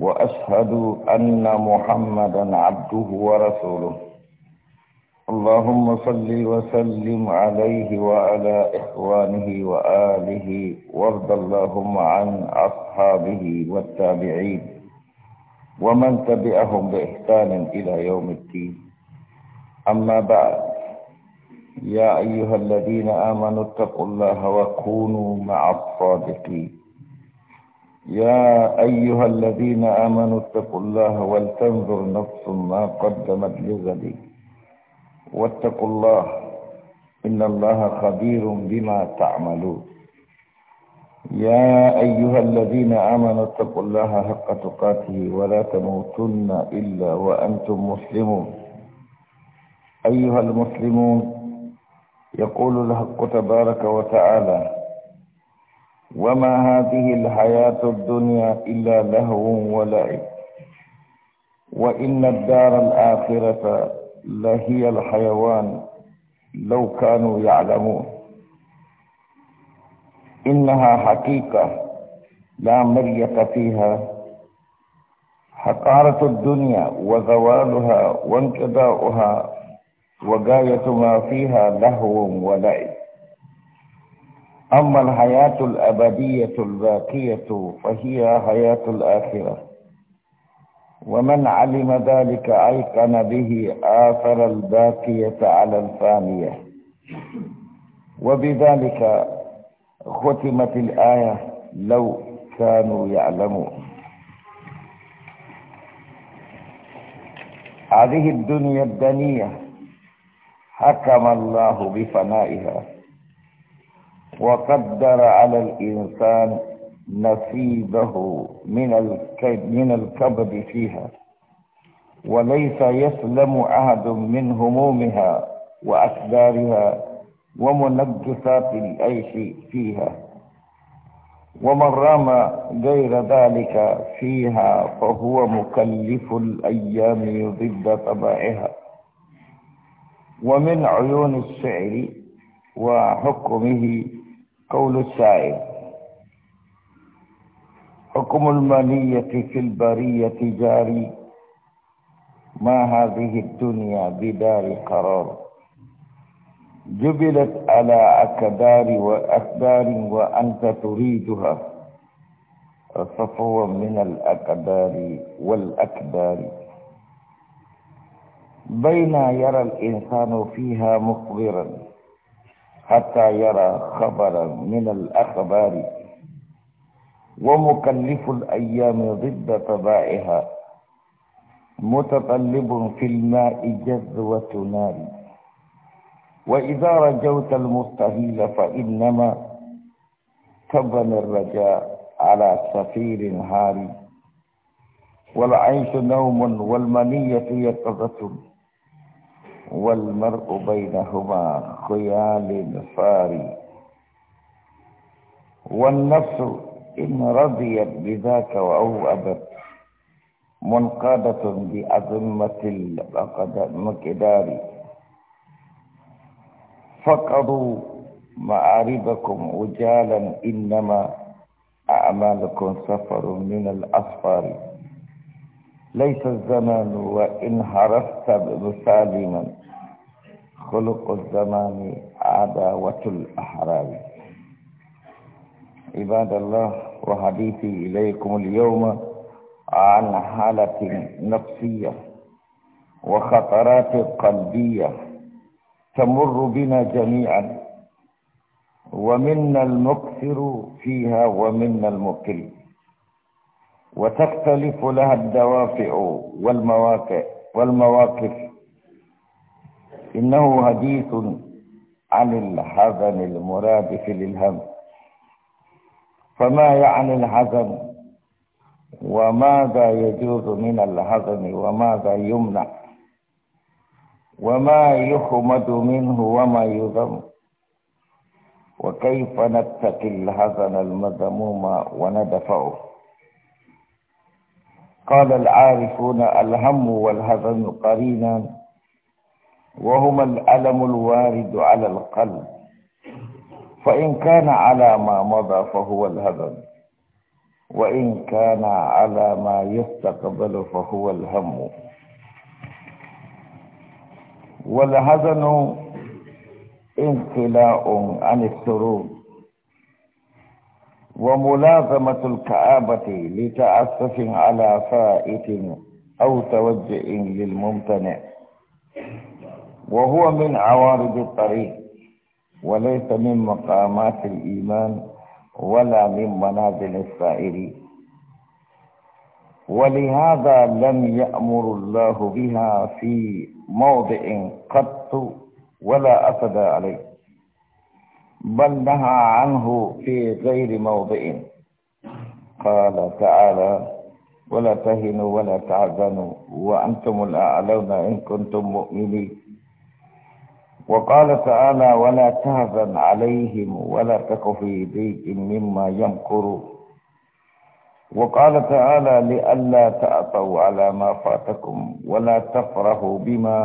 وأشهد أن محمدا عبده ورسوله اللهم صل وسلم عليه وعلى إخوانه وآله وارض اللهم عن أصحابه والتابعين ومن تبعهم بإحسان إلى يوم الدين أما بعد يا أيها الذين آمنوا اتقوا الله وكونوا مع الصادقين يا أيها الذين آمنوا اتقوا الله ولتنظر نفس ما قدمت لغد واتقوا الله إن الله خبير بما تعملون يا أيها الذين آمنوا اتقوا الله حق تقاته ولا تموتن إلا وأنتم مسلمون أيها المسلمون يقول الحق تبارك وتعالى وما هذه الحياة الدنيا إلا لهو ولعب وإن الدار الآخرة لهي الحيوان لو كانوا يعلمون إنها حقيقة لا مرية فيها حقارة الدنيا وزوالها وانقضاؤها وغاية ما فيها لهو ولعب أما الحياة الأبدية الباقية فهي حياة الآخرة ومن علم ذلك أيقن به آثر الباقية على الفانية وبذلك ختمت الآية لو كانوا يعلمون هذه الدنيا الدنية حكم الله بفنائها وقدر على الإنسان نصيبه من من الكبد فيها وليس يسلم أحد من همومها وأكدارها ومنجسات العيش فيها ومن رام غير ذلك فيها فهو مكلف الأيام ضد طبائها ومن عيون الشعر وحكمه قول السائل حكم المنية في البرية جاري ما هذه الدنيا بدار قرار جبلت على أكدار وأكدار وأنت تريدها فصفوا من الأكدار والأكدار بين يرى الإنسان فيها مخبرا حتى يرى خبرا من الأخبار ومكلف الأيام ضد طبائها متطلب في الماء جذوة نار وإذا رجوت المستهيل فإنما تبن الرجاء على سفير هاري والعيش نوم والمنية يقظة والمرء بينهما خيال الفاري والنفس إن رضيت بذاك وأوأبت منقادة بأذمة المقدار فقدوا معاربكم وجالا إنما أعمالكم سفر من الأسفار ليس الزمان وإن هرست مسالما خلق الزمان عداوة الأحرار عباد الله وحديثي إليكم اليوم عن حالة نفسية وخطرات قلبية تمر بنا جميعا ومنا المكثر فيها ومنا المقل وتختلف لها الدوافع والمواقع والمواقف إنه حديث عن الحزن المرادف للهم فما يعني الحزن وماذا يجوز من الحزن وماذا يمنع وما يخمد منه وما يذم وكيف نتقي الحزن المذموم وندفعه قال العارفون الهم والهزن قرينا وهما الألم الوارد على القلب فإن كان على ما مضى فهو الهزن وإن كان على ما يستقبل فهو الهم والهزن امتلاء عن السرور وملازمة الكآبة لتأسف على فائت أو توجه للممتنع وهو من عوارض الطريق وليس من مقامات الإيمان ولا من منازل السائر ولهذا لم يأمر الله بها في موضع قط ولا أسد عليه بل نهى عنه في غير موضع قال تعالى ولا تهنوا ولا تعزنوا وأنتم الأعلون إن كنتم مؤمنين وقال تعالى ولا تهزن عليهم ولا تك في ضيق مما يمكروا وقال تعالى لئلا تأتوا على ما فاتكم ولا تفرحوا بما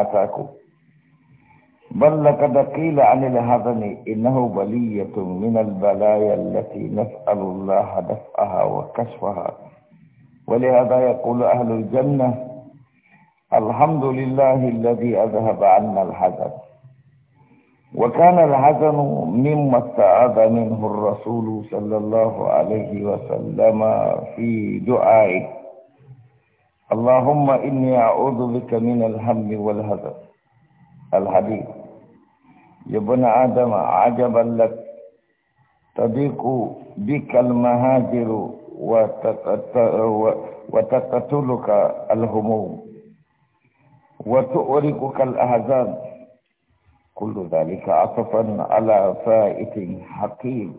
آتاكم بل لقد قيل عن الهضم إنه بلية من البلايا التي نسأل الله دفعها وكشفها ولهذا يقول أهل الجنة الحمد لله الذي أذهب عنا الحزن وكان الحزن مما استعاذ منه الرسول صلى الله عليه وسلم في دعائه اللهم إني أعوذ بك من الهم والهزل الحديث يا ابن آدم عجبا لك تضيق بك المهاجر وتقتلك الهموم وتؤرقك الأحزان كل ذلك عطفا على فائت حقيق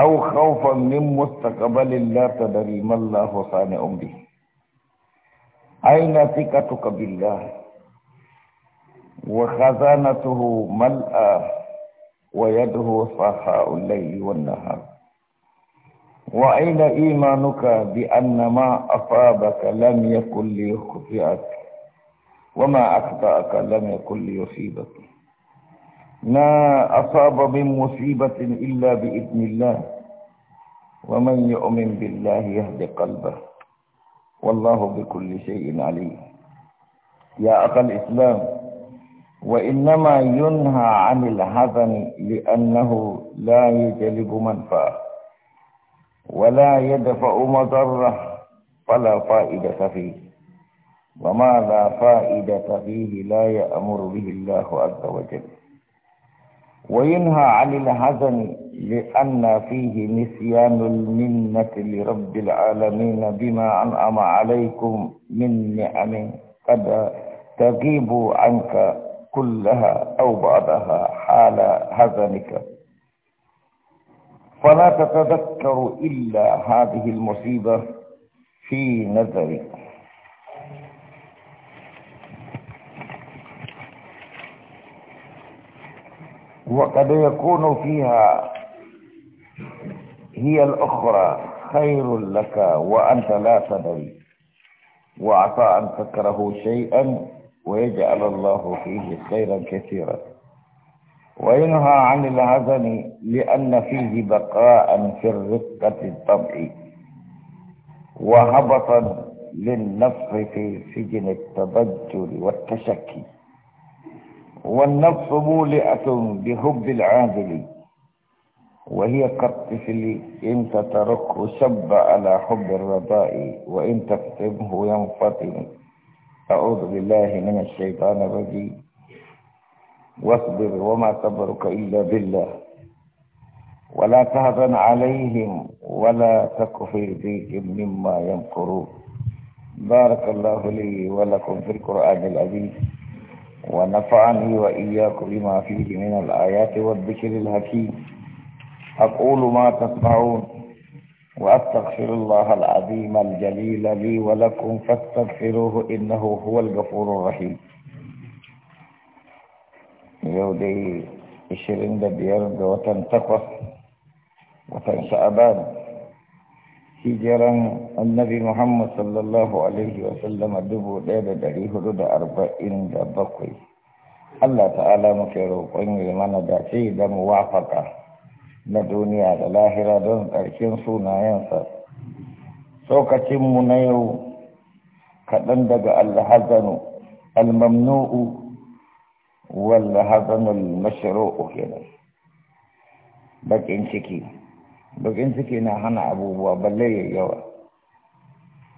أو خوفا من مستقبل لا تدري ما الله صانع به أين ثقتك بالله وخزانته ملأى ويده صحاء الليل والنهار وأين إيمانك بأن ما أصابك لم يكن ليخطئك وما أخطأك لم يكن ليصيبك ما أصاب من مصيبة إلا بإذن الله ومن يؤمن بالله يهد قلبه والله بكل شيء عليم يا أخ الإسلام وإنما ينهى عن الهذن لأنه لا يجلب منفعة ولا يدفع مضرة فلا فائدة فيه وما لا فائدة فيه لا يأمر به الله عز وجل وينهى عن الهزن لأن فيه نسيان المنة لرب العالمين بما أنعم عليكم من نعم قد تغيب عنك كلها أو بعدها حال هزنك فلا تتذكر إلا هذه المصيبة في نظرك وقد يكون فيها هي الأخرى خير لك وأنت لا تدري وعسى أن تكره شيئا ويجعل الله فيه خيرا كثيرا وينهى عن الهزن لأن فيه بقاء في الرقة الطبعي وهبطا للنفس في سجن التبجل والتشكي والنفس مولئة بحب العادل وهي كالطفل إن تتركه شب على حب الرضاء وإن تكتمه ينفطم أعوذ بالله من الشيطان الرجيم واصبر وما صبرك إلا بالله ولا تهزن عليهم ولا تك في مما يمكرون بارك الله لي ولكم في القرآن العزيز ونفعني وإياكم بما فيه من الآيات والذكر الحكيم أقول ما تسمعون وأستغفر الله العظيم الجليل لي ولكم فاستغفروه إنه هو الغفور الرحيم يودي إشرين دبير دوتن تقوى وتن شعبان هجرا النبي محمد صلى الله عليه وسلم دبو ديد دريه رد أربعين دبقوي الله تعالى مكروب قيم لمن داتي دم وافقه na duniya da lahira don ƙarshen sunayensa saukacinmu na yau kaɗan daga alhazanu almamnu'u wallahazanul mashru'u kenan baƙin ciki Baƙin ciki na hana abubuwa balle ya yawa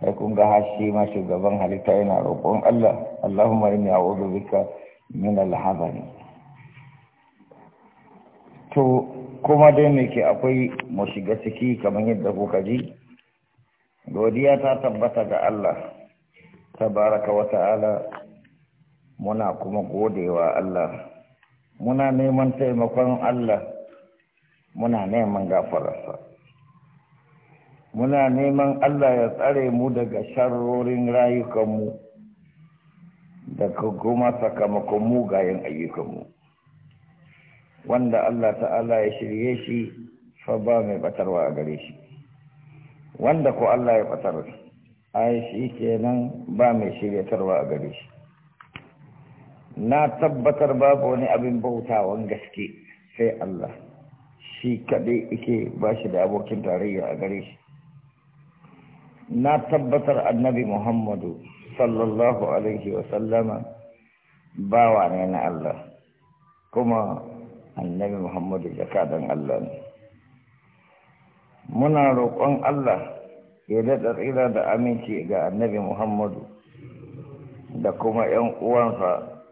sai kun ga hashi ma shugaban halitta yana roƙon Allah Allahumma inni a'udhu bika min alhazani to kuma dai me ke akwai mu shiga ciki kamar yadda kuka ji godiya ta tabbata ga Allah tabaraka wa ta'ala muna kuma godewa Allah muna neman taimakon Allah muna neman gafararsa muna neman Allah ya tsare mu daga sharrorin rayukanmu daga kuma sakamakon mugayen ayyukanmu wanda Allah ta'ala ya shirye shi fa ba mai batarwa a gare shi wanda ko Allah ya batar ai shi kenan ba mai shiryatarwa a gare shi na tabbatar babu wani abin bautawan gaske sai Allah shi kaɗai ike ba shi da abokin tarayya a gare shi na tabbatar annabi Muhammadu sallallahu alaihi wasallama bawa ne na Allah kuma annabi muhammadu jakadan allah ne muna roƙon allah ya daɗa tsira da aminci ga annabi muhammadu da kuma ‘yan uwansa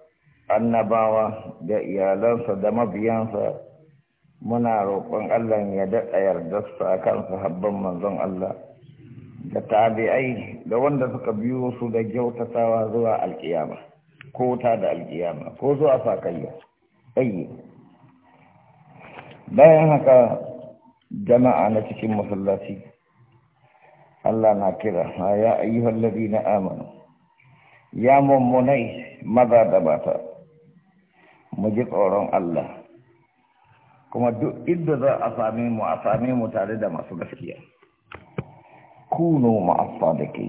annabawa da iyalansa da mabiyansa muna roƙon allah ya daɗa su a kan habban manzon allah da tabi'ai da wanda suka biyo su da kyautatawa zuwa alƙiyama ko ta da alƙiyama ko zuwa sakayya ɗaye bayan haka jama'a na cikin masallaci Allah na kira ya ayyuhal ladina amanu ya mummunai maza da mata mu ji tsoron Allah kuma duk inda za a same mu a same mu tare da masu gaskiya kuno ma'afa da ke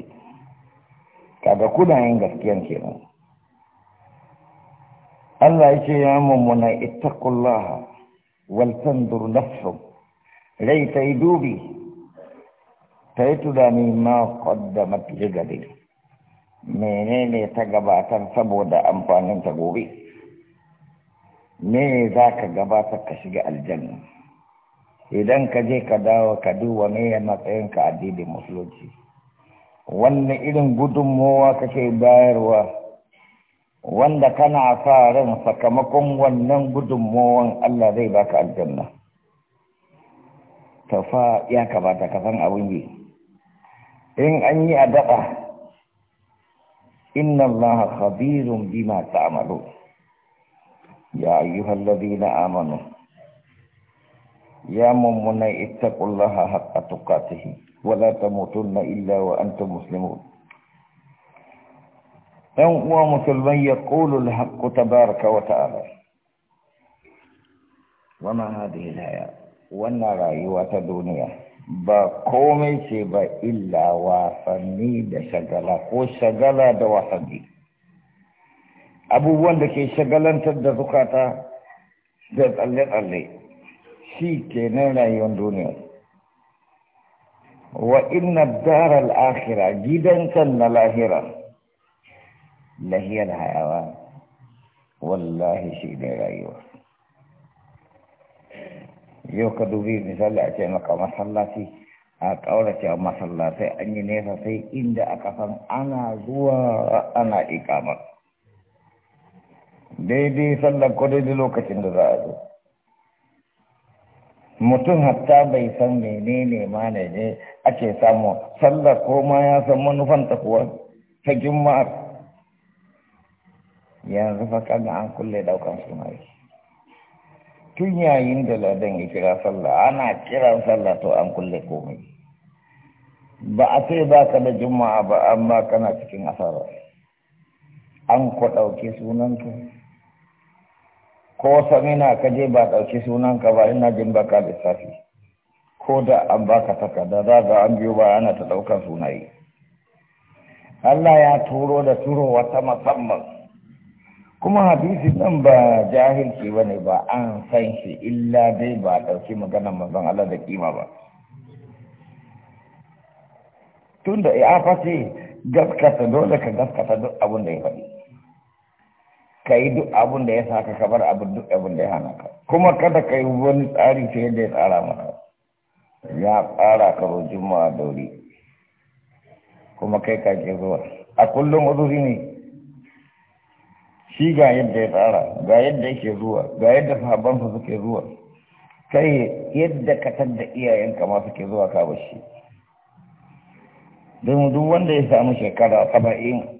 kaga kuna yin gaskiyan kenan Allah ya ce ya mummuna ittaqullaha waltandur nafsu rai ta yi dubi ta yi tunani ma da li gari. menene ta gabatar saboda amfaninta gobe me za ka gabata ka shiga aljanna idan ka je ka dawo ka duba me matsayinka addinin musulunci wannan irin gudunmowa kake bayarwa wanda kana sa ran sakamakon wannan gudunmowan Allah zai baka aljanna fa ya kamata ka san abin yi in an yi a daɗa inna Allah khabirun bima ta'malu ya ayyuhal ladina amanu ya mummuna ittaqullaha haqqa tuqatih wa la tamutunna illa wa antum muslimun yan uwa musulmai ya ƙulu haƙƙu ta baraka wa ta'ala wannan hadin haya wannan rayuwa ta duniya ba komai ce ba illa wasanni da shagala ko shagala da wasanni abubuwan da ke shagalantar da zukata da tsalle-tsalle shi ke nan rayuwar duniya wa inna darar akhira gidan kan na lahira lahiyar hayawa wallahi shi ne rayuwa yau ka dubi misali a ce maka masallaci a ƙaurace a masallatai an yi nesa sai inda aka san ana zuwa ana ikamar daidai sallar ko daidai lokacin da za a zo mutum hatta bai san menene ma ne ake samu sallar ko ma ya san manufanta kuwa ta juma'ar yanzu fa kaga an kulle daukan sunaye tun yayin da ladan ya kira sallah ana kiran sallah to an kulle komai ba a sai ba ka da juma'a ba amma kana cikin asara an ku ɗauki sunanka ko samina ka je ba ɗauki sunanka ba ina jin baka lissafi ko da an baka takarda za ga an biyo ba ana ta ɗaukan sunaye Allah ya turo da turo wata musamman kuma hadisi nan ba jahilci ba ne ba an san shi illa dai ba ɗauki magana mazan Allah da kima ba tun da ya fashe gaskata dole ka gaskata duk abin da ya faɗi ka yi duk abin da ya sa ka kabar abin duk abin da ya hana ka kuma kada ka yi wani tsari ta yadda ya tsara mana ya tsara ka rojin ma dauri kuma kai ka ke zuwa a kullum uzuri ne shi ga yadda ya tsara ga yadda yake zuwa ga yadda sahabbansa suke zuwa kai yadda ka da iyayenka ma suke zuwa ka bashi don duk wanda ya samu shekara saba'in